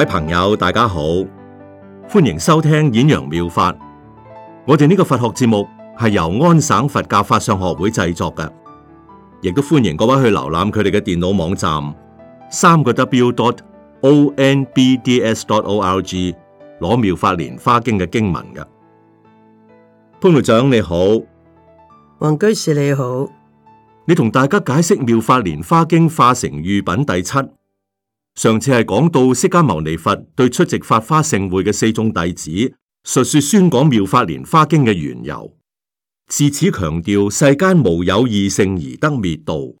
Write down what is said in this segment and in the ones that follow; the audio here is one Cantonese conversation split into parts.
各位朋友，大家好，歡迎收聽演揚妙，妙法。我哋呢個佛學節目係由安省佛教法相學會製作嘅，亦都歡迎各位去瀏覽佢哋嘅電腦網站，三個 W 點 O N B D S 點 O L G 攞妙法蓮華經嘅經文嘅。潘會長你好，黃居士你好，你同大家解釋妙法蓮華經化城喻品第七。上次係講到釋迦牟尼佛對出席法華盛會嘅四眾弟子述說宣講妙法蓮華經嘅緣由，自此強調世間無有二乘而得滅度，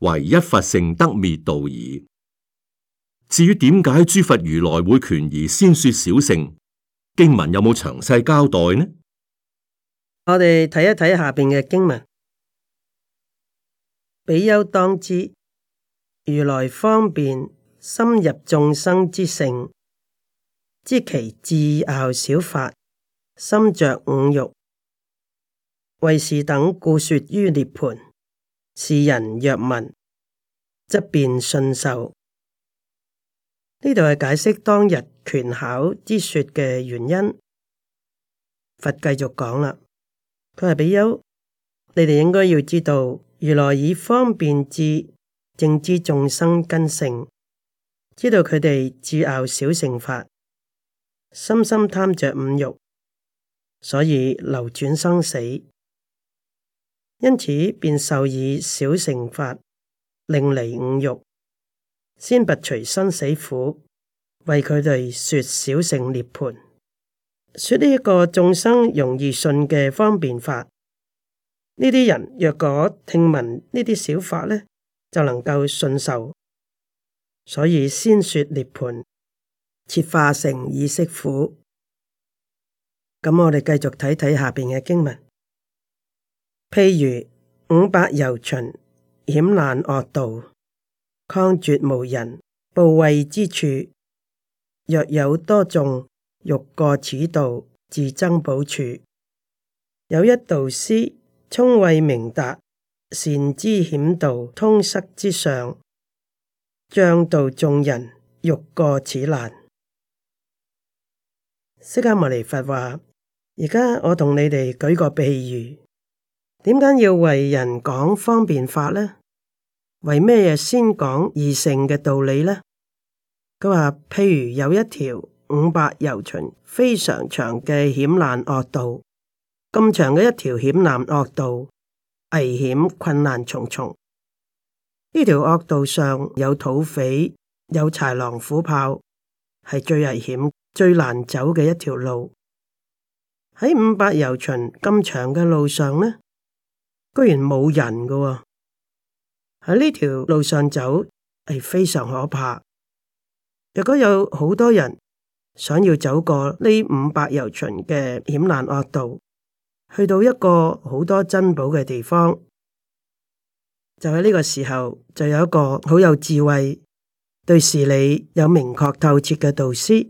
唯一佛乘得滅度耳。至於點解諸佛如來會權而先說小乘經文有冇詳細交代呢？我哋睇一睇下邊嘅經文，比丘當知，如來方便。深入眾生之性，知其志樂小法，心着五欲，為是等故說於涅槃。是人若聞，則便信受。呢度係解釋當日權巧之說嘅原因。佛繼續講啦，佢係比丘，你哋應該要知道，如來以方便智正知眾生根性。知道佢哋自拗小乘法，深深貪着五欲，所以流轉生死。因此便授以小乘法，令離五欲，先拔除生死苦，為佢哋說小乘涅盤，說呢一個眾生容易信嘅方便法。呢啲人若果聽聞呢啲小法咧，就能夠信受。所以先說涅盤，設化城以息苦。咁我哋繼續睇睇下邊嘅經文。譬如五百由旬險難惡道，曠絕無人，怖畏之處，若有多眾欲過此道，自增寶處。有一導師聰慧明達，善知險道通塞之上。將導眾人欲過此難，釋迦牟尼佛話：而家我同你哋舉個比喻，點解要為人講方便法呢？為咩嘢先講二乘嘅道理呢？佢話，譬如有一條五百由旬非常長嘅險難惡道，咁長嘅一條險難惡道，危險困難重重。呢條惡道上有土匪，有豺狼虎豹，係最危險、最難走嘅一條路。喺五百由旬咁長嘅路上呢，居然冇人噶喎、哦。喺呢條路上走，係非常可怕。如果有好多人想要走過呢五百由旬嘅險難惡道，去到一個好多珍寶嘅地方。就喺呢個時候，就有一個好有智慧、對事理有明確透徹嘅導師，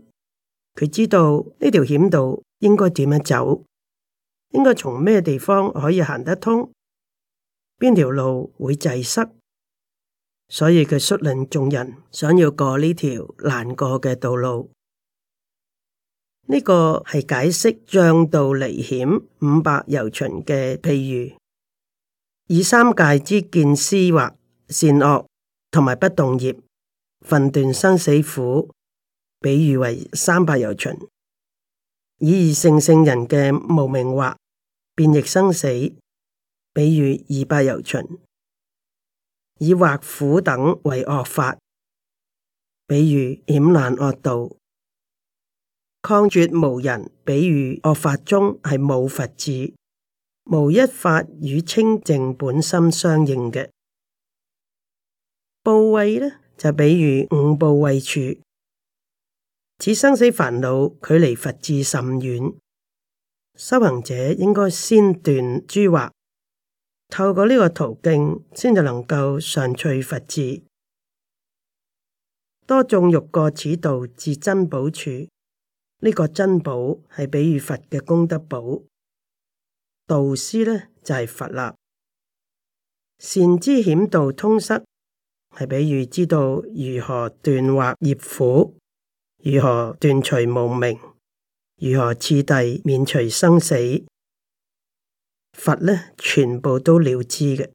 佢知道呢條險道應該點樣走，應該從咩地方可以行得通，邊條路會滯塞，所以佢率領眾人想要過呢條難過嘅道路。呢個係解釋障道離險五百由旬嘅譬如。以三界之見思惑善惡同埋不動業，分段生死苦，比喻為三百由旬；以二乘聖人嘅無明惑變易生死，比喻二百由旬；以惑苦等為惡法，比喻險難惡道；曠絕無人，比喻惡法中係冇佛子，無一法與清淨本心相應嘅部位咧，就比喻五部位處，此生死煩惱距離佛智甚遠，修行者應該先斷諸惑，透過呢個途徑，先至能夠上取佛智。多眾欲過此道至珍寶處，呢、呢個珍寶係比喻佛嘅功德寶。道師咧就係、是、佛啦，善知險道通塞，係比喻知道如何斷惑業苦，如何斷除無明，如何次第免除生死，佛咧全部都了知嘅。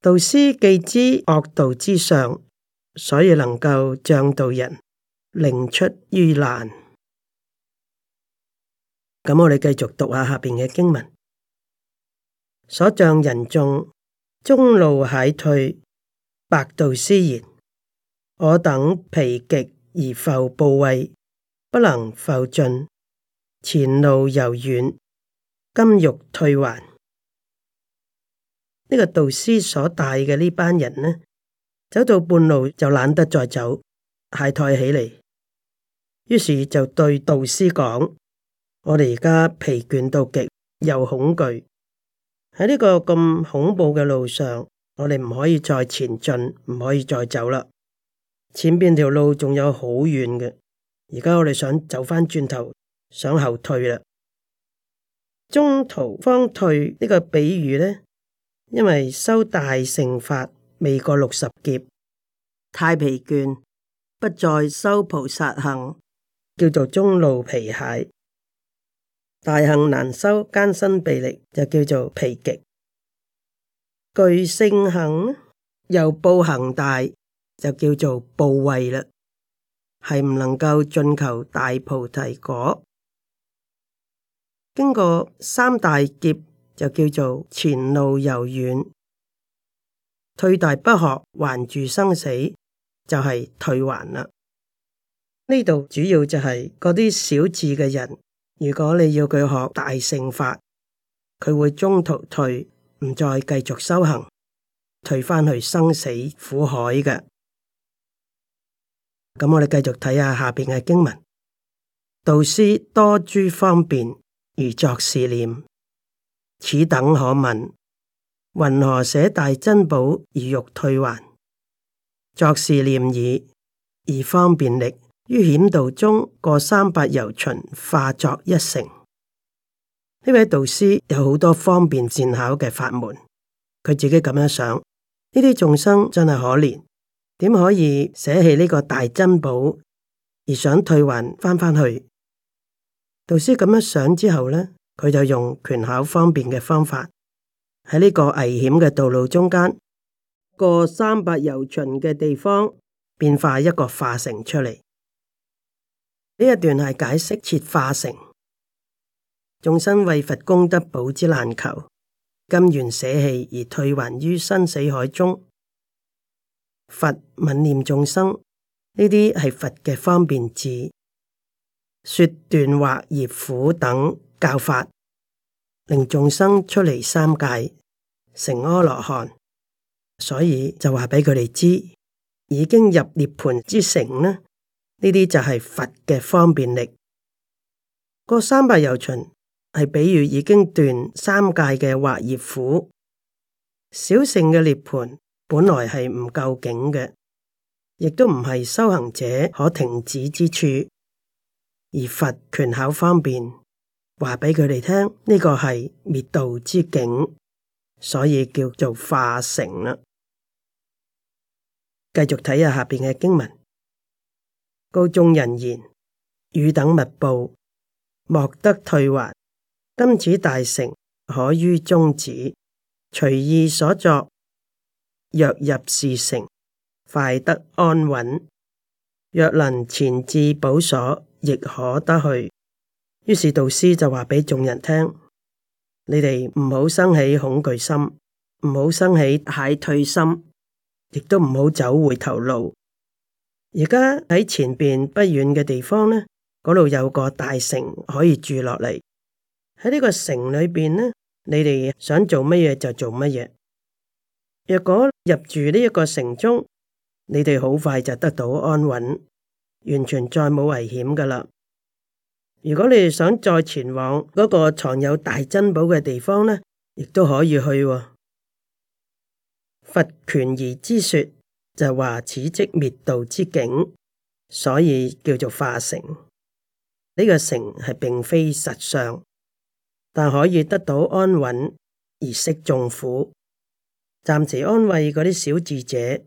道師既知惡道之上，所以能夠將道人，令出於難。咁我哋繼續讀下下邊嘅經文，所將人眾中路懈退，白導師言：我等疲極，而復怖畏，不能復進，前路猶遠，今欲退還。呢、這個導師所帶嘅呢班人呢，走到半路就懶得再走，懈怠起嚟，於是就對導師講。我哋而家疲倦到極，又恐懼。喺呢個咁恐怖嘅路上，我哋唔可以再前進，唔可以再走啦。前邊條路仲有好遠嘅，而家我哋想走返轉頭，想後退啦。中途方退呢個比喻呢，因為修大乘法未過六十劫，太疲倦，不再修菩薩行，叫做中路皮鞋。大行難修，艱辛備歷，就叫做疲極；具聖行，又報行大，就叫做報慧啦。係唔能夠進求大菩提果，經過三大劫，就叫做前路悠遠。退大不學，還住生死，就係、是、退還啦。呢度主要就係嗰啲小智嘅人。如果你要佢學大乘法，佢會中途退，唔再繼續修行，退翻去生死苦海嘅。咁我哋繼續睇下下邊嘅經文：導師多諸方便而作是念，此等可問云何捨大珍寶而欲退還？作是念已，而方便力。於險道中過三百由旬化作一城。呢位導師有好多方便善巧嘅法門，佢自己咁樣想：呢啲眾生真係可憐，點可以捨棄呢個大珍寶而想退還翻返去？導師咁樣想之後呢，佢就用權巧方便嘅方法，喺呢個危險嘅道路中間過三百由旬嘅地方，變化一個化城出嚟。呢一段係解釋設化城，眾生為佛功德寶之難求，甘願捨棄而退還於生死海中。佛憫念眾生，呢啲係佛嘅方便智。說斷惑業苦等教法，令眾生出離三界，成阿羅漢。所以就話俾佢哋知，已經入涅盤之城呢。呢啲就係佛嘅方便力。個三百由旬係比喻已經斷三界嘅惑業苦。小乘嘅涅盤本來係唔夠境嘅，亦都唔係修行者可停止之處。而佛權巧方便話畀佢哋聽呢個係滅道之境，所以叫做化城啦。繼續睇下下邊嘅經文。告眾人言：汝等勿怖，莫得退還。今此大城，可於中止，隨意所作。若入是城，快得安穩；若能前至寶所，亦可得去。於是導師就話俾眾人聽：你哋唔好生起恐懼心，唔好生起太退心，亦都唔好走回頭路。而家喺前面不遠嘅地方咧，嗰度有個大城可以住落嚟。喺呢個城裏邊咧，你哋想做乜嘢就做乜嘢。若果入住呢一個城中，你哋好快就得到安穩，完全再冇危險噶啦。如果你哋想再前往嗰個藏有大珍寶嘅地方咧，亦都可以去喔。佛權宜之說。就係話此即滅道之境，所以叫做化城。呢、這個城係並非實相，但可以得到安穩而息眾苦，暫時安慰嗰啲小智者。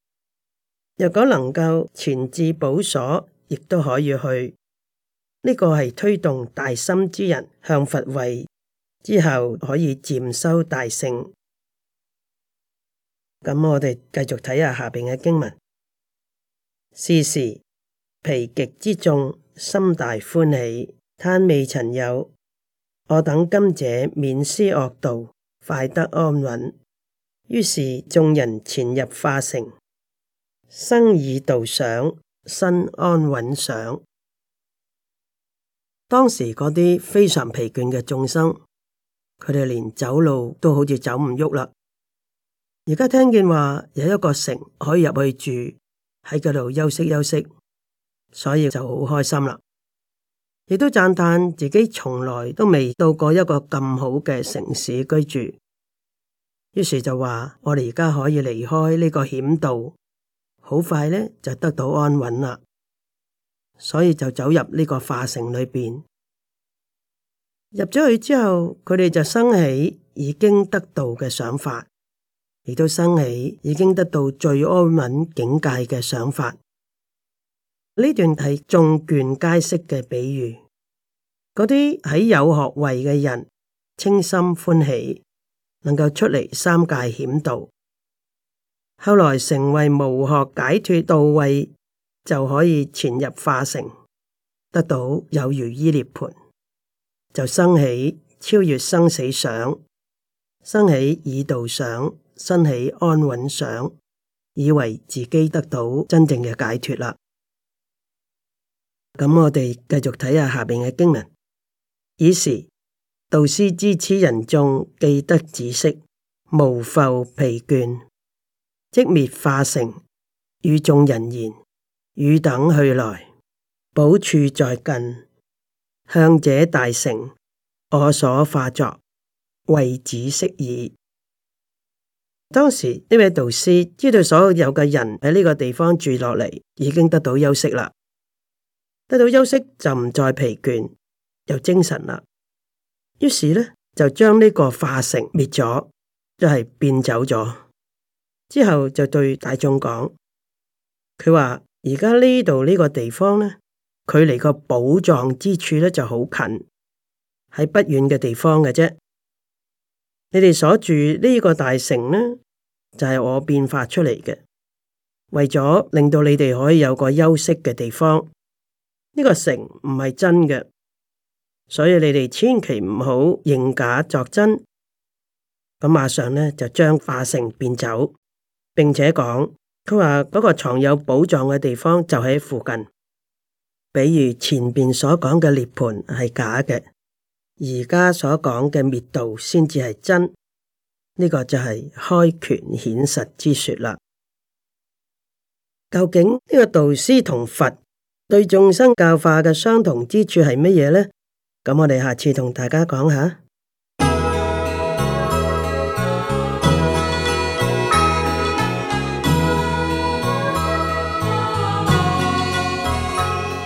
若果能夠前至寶所，亦都可以去。呢、這個係推動大心之人向佛位之後，可以漸修大聖。咁、嗯、我哋繼續睇下下邊嘅經文。是時疲極之眾心大歡喜，嘆未曾有，我等今者免斯惡道，快得安穩。於是眾人前入化城，生已度想，身安穩想。當時嗰啲非常疲倦嘅眾生，佢哋連走路都好似走唔喐啦。而家聽見話有一個城可以入去住喺嗰度休息休息，所以就好開心啦，亦都讚嘆自己從來都未到過一個咁好嘅城市居住。於是就話我哋而家可以離開呢個險道，好快咧就得到安穩啦。所以就走入呢個化城裏邊，入咗去之後，佢哋就生起已經得到嘅想法。亦都生起已經得到最安穩境界嘅想法。呢段係眾眷皆識嘅比喻。嗰啲喺有學位嘅人，清心歡喜，能夠出嚟三界險道，後來成為無學解脫到位，就可以潛入化城，得到有如依涅盤，就生起超越生死想，生起以道想。身起安穩想，以為自己得到真正嘅解脫啦。咁我哋繼續睇下下邊嘅經文。以時導師知此人眾既得止息，無復疲倦，即滅化城，與眾人言：汝等去來，寶處在近，向者大城，我所化作，為止息耳。當時呢位導師知道所有嘅人喺呢個地方住落嚟，已經得到休息啦。得到休息就唔再疲倦，又精神啦。於是咧就將呢個化城滅咗，即係變走咗。之後就對大眾講：佢話而家呢度呢個地方咧，距離個寶藏之處咧就好近，喺不遠嘅地方嘅啫。你哋所住呢個大城呢，就係、是、我變化出嚟嘅，為咗令到你哋可以有個休息嘅地方。呢、這個城唔係真嘅，所以你哋千祈唔好認假作真。咁馬上呢就將化城變走，並且講，佢話嗰個藏有寶藏嘅地方就喺附近。比如前面所講嘅涅盤係假嘅。而家所講嘅滅度先至係真，呢、呢個就係開權顯實之說啦。究竟呢個導師同佛對眾生教化嘅相同之處係乜嘢呢？咁我哋下次同大家講下。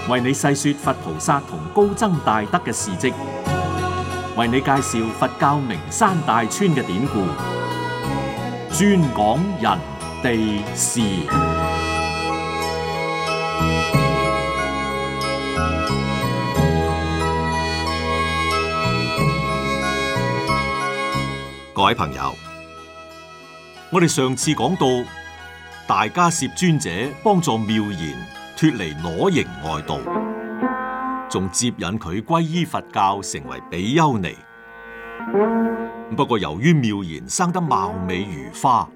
為你細說佛陀同高僧大德嘅事跡。為你介紹佛教名山大川嘅典故，專講人地事。各位朋友，我哋上次講到，大迦葉尊者幫助妙賢脫離裸形外道。仲接引佢皈依佛教，成為比丘尼。不過由於妙賢生得貌美如花，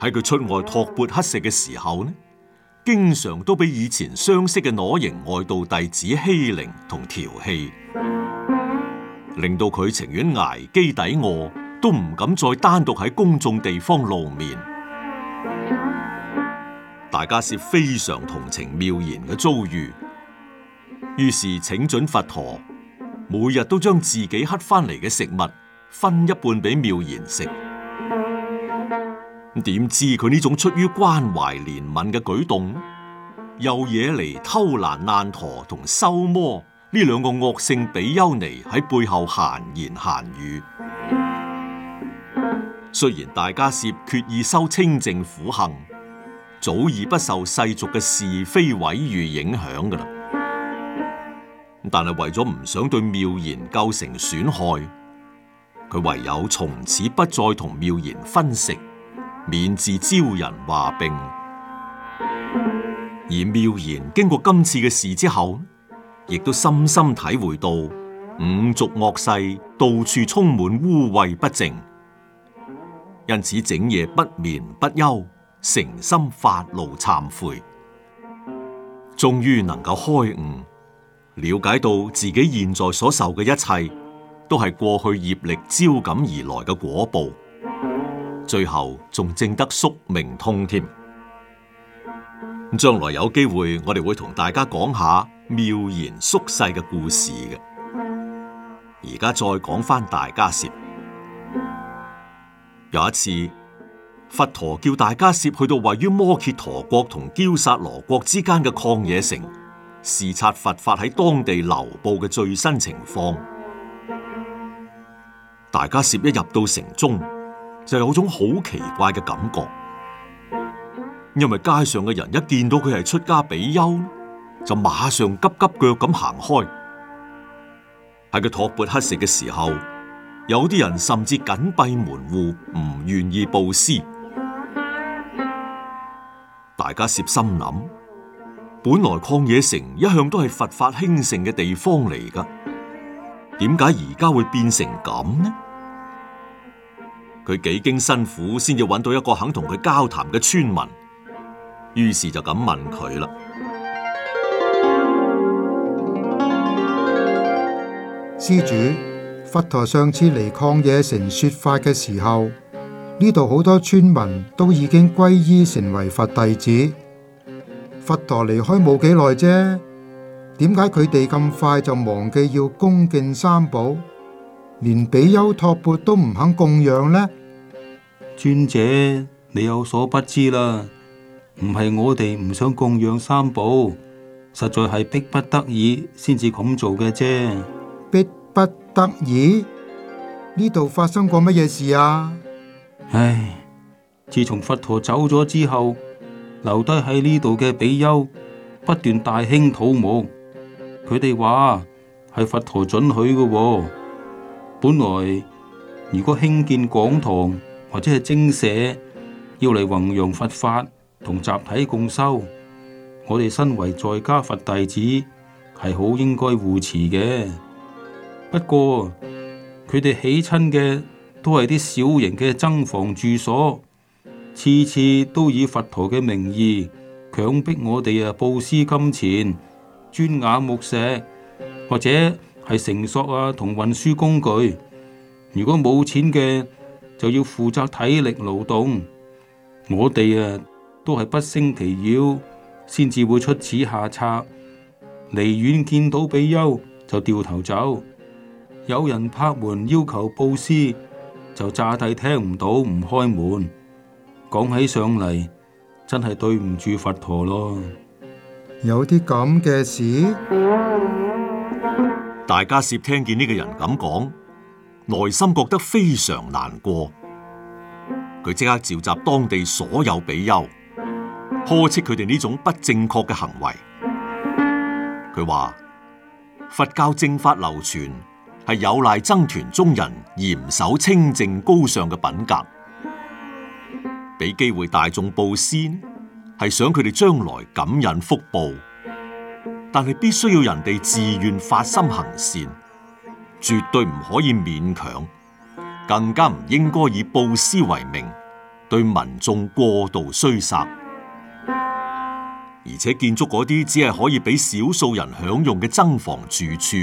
喺佢出外托缽乞食嘅時候呢，經常都俾以前相識嘅裸形外道弟子欺凌同調戲，令到佢情願挨飢抵餓，都唔敢再單獨喺公眾地方露面。大家是非常同情妙賢嘅遭遇。於是請准佛陀每日都將自己乞返嚟嘅食物分一半俾妙賢食。咁點知佢呢種出於關懷憐憫嘅舉動，又惹嚟偷蘭難陀同修摩呢兩個惡性比丘尼喺背後閒言閒語。雖然大家涉決意修清淨苦行，早已不受世俗嘅是非毀譽影響㗎喇。但係為咗唔想對妙賢構成損害，佢唯有從此不再同妙賢分食，免致招人話病。而妙賢經過今次嘅事之後，亦都深深體會到五濁惡世到處充滿污穢不淨，因此整夜不眠不休，誠心發露懺悔，終於能夠開悟。了解到自己現在所受嘅一切，都係過去業力招感而來嘅果報，最後仲證得宿命通添。咁將來有機會，我哋會同大家講下妙言宿世嘅故事嘅。而家再講返大迦葉。有一次，佛陀叫大迦葉去到位於摩揭陀國同憍薩羅國之間嘅曠野城。視察佛法喺當地流布嘅最新情況，大迦葉一入到城中，就有種好奇怪嘅感覺，因為街上嘅人一見到佢係出家比丘，就馬上急急腳咁行開。喺佢托缽乞食嘅時候，有啲人甚至緊閉門戶，唔願意布施。大迦葉心諗。本來曠野城一向都係佛法興盛嘅地方嚟㗎，點解而家會變成咁呢？佢幾經辛苦，先至搵到一個肯同佢交談嘅村民，於是就咁問佢啦：施主，佛陀上次嚟曠野城說法嘅時候，呢度好多村民都已經皈依成為佛弟子。佛陀離開冇幾耐啫，點解佢哋咁快就忘記要恭敬三寶，連比丘托缽都唔肯供養呢？尊者，你有所不知啦，唔係我哋唔想供養三寶，實在係逼不得已先至咁做嘅啫。逼不得已？呢度發生過乜嘢事啊？唉，自從佛陀走咗之後，留低喺呢度嘅比丘不斷大興土木，佢哋話係佛陀准許嘅喎。本來如果興建講堂或者係精舍，要嚟弘揚佛法同集體共修，我哋身為在家佛弟子係好應該護持嘅。不過佢哋起親嘅都係啲小型嘅僧房住所。次次都以佛陀嘅名義強迫我哋啊，布施金錢、磚瓦木石，或者係繩索啊同運輸工具。如果冇錢嘅，就要負責體力勞動。我哋啊，都係不勝其擾，先至會出此下策。離遠見到比丘就掉頭走，有人拍門要求布施，就詐諦聽唔到，唔開門。講起上嚟，真係對唔住佛陀咯。有啲咁嘅事，大家攝聽見呢個人咁講，內心覺得非常難過。佢即刻召集當地所有比丘，呵斥佢哋呢種不正確嘅行為。佢話佛教正法流傳係有賴僧團中人嚴守清淨高尚嘅品格。俾機會大眾布施，係想佢哋將來感恩福報，但係必須要人哋自願發心行善，絕對唔可以勉強，更加唔應該以布施為名對民眾過度衰殺，而且建築嗰啲只係可以俾少數人享用嘅僧房住處，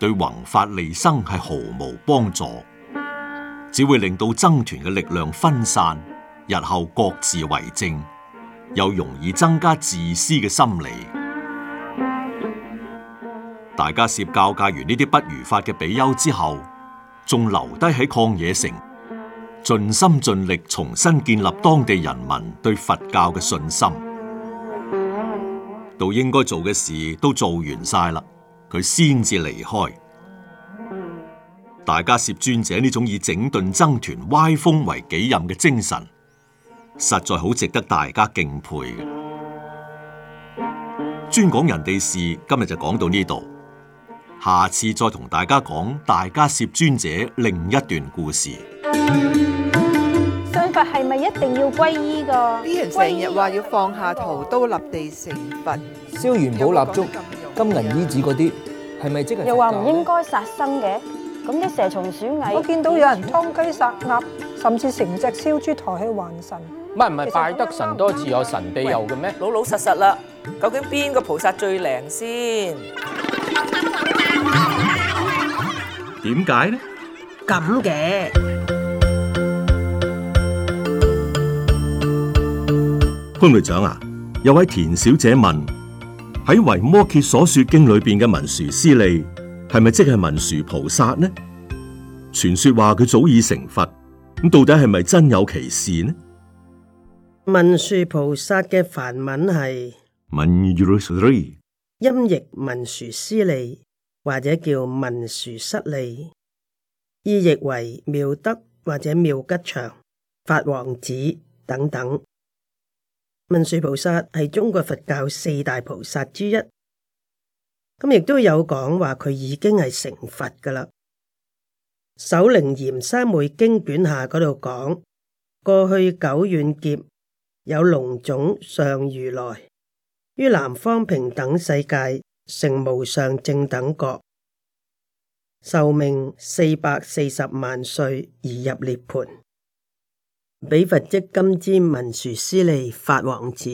對宏法利生係毫無幫助，只會令到僧團嘅力量分散。日後各自為政，又容易增加自私嘅心理。大迦葉教戒完呢啲不如法嘅比丘之後，仲留低喺曠野城，盡心盡力重新建立當地人民對佛教嘅信心。到應該做嘅事都做完晒啦，佢先至離開。大迦葉尊者呢種以整頓僧團歪風為己任嘅精神。實在好值得大家敬佩嘅。專講人哋事，今日就講到呢度，下次再同大家講大迦葉尊者另一段故事。信佛係咪一定要皈依㗎？啲人成日話要放下屠刀立地成佛，燒元寶、蠟燭、金銀衣紙嗰啲，係咪即係？又話唔應該殺生嘅，咁啲蛇蟲鼠蟻，我見到有人劏雞殺鴨，甚至成隻燒豬抬去還神。唔唔係，拜得神多自有神庇佑嘅咩？老老實實啦，究竟邊個菩薩最靈先？點解呢？咁嘅潘隊長啊，有位田小姐問：喺《維摩詰所說經》裏邊嘅文殊師利係咪即係文殊菩薩呢？傳說話佢早已成佛，咁到底係咪真有其事呢？文殊菩薩嘅梵文係，音譯文殊師利或者叫文殊失利，意譯為妙德或者妙吉祥、法王子等等。文殊菩薩係中國佛教四大菩薩之一，咁亦都有講話佢已經係成佛㗎喇。《首楞嚴三昧經卷下》嗰度講，過去久遠劫。有龍種上如來於南方平等世界成無上正等國，壽命四百四十萬歲而入涅盤。彼佛即今之文殊師利法王子。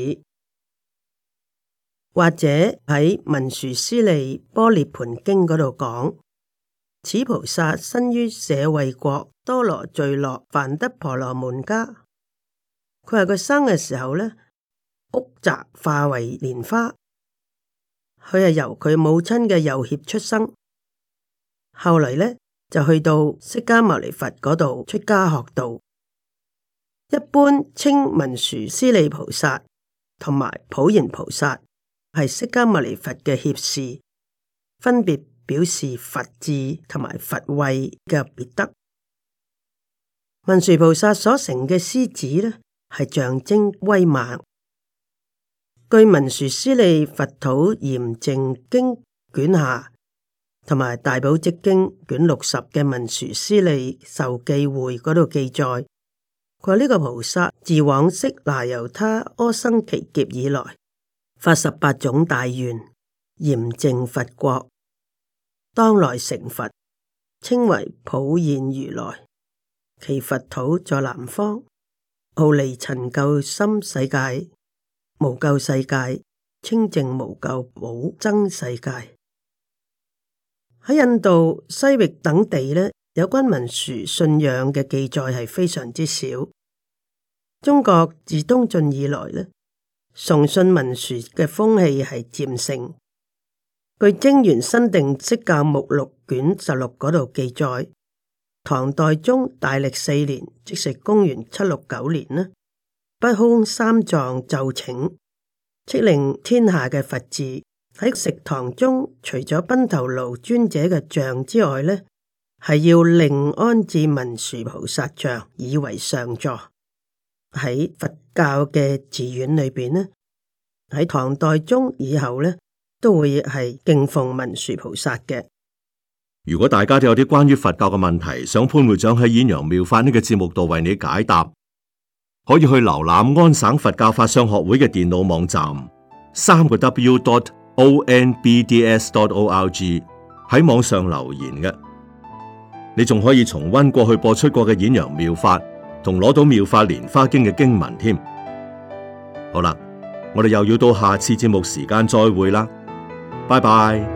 或者喺文殊師利波涅盤經嗰度講，此菩薩生於舍衛國多羅聚落梵德婆羅門家。佢話佢生嘅時候呢，屋宅化為蓮花，佢係由佢母親嘅右脅出生。後嚟呢，就去到釋迦牟尼佛嗰度出家學道。一般稱文殊師利菩薩同埋普賢菩薩係釋迦牟尼佛嘅脅侍，分別表示佛智同埋佛慧嘅別德。文殊菩薩所成嘅獅子呢，係象徵威猛。據《文殊師利佛土嚴淨經》卷下，同埋《大寶積經》卷六十嘅《文殊師利受記會》嗰度記載，佢話呢個菩薩自往昔那由他阿僧祇劫以來，發十八種大願，嚴淨佛國，當來成佛，稱為普賢如來，其佛土在南方。號離塵垢心世界，無垢世界清淨無垢寶增世界。喺印度西域等地咧，有關文殊信仰嘅記載係非常之少。中國自東晉以來咧，崇信文殊嘅風氣係漸盛。據《貞元新定釋教目錄卷十六》嗰度記載。唐代宗大曆四年，即係公元七六九年呢，不空三藏就請，敕令天下嘅佛寺喺食堂中，除咗賓頭盧尊者嘅像之外，呢係要另安置文殊菩薩像，以為上座。喺佛教嘅寺院裏邊呢，喺唐代宗以後呢，都會係敬奉文殊菩薩嘅。如果大家都有啲關於佛教嘅問題，想潘會長喺《演揚妙法》呢個節目度為你解答，可以去瀏覽安省佛教法相學會嘅電腦網站，三個 W dot O N B D S dot O L G 喺網上留言嘅。你仲可以重温過去播出過嘅《演揚妙法》，同攞到《妙法蓮華經》嘅經文添。好啦，我哋又要到下次節目時間再會啦，拜拜。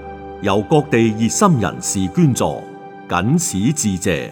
由各地熱心人士捐助，謹此致謝。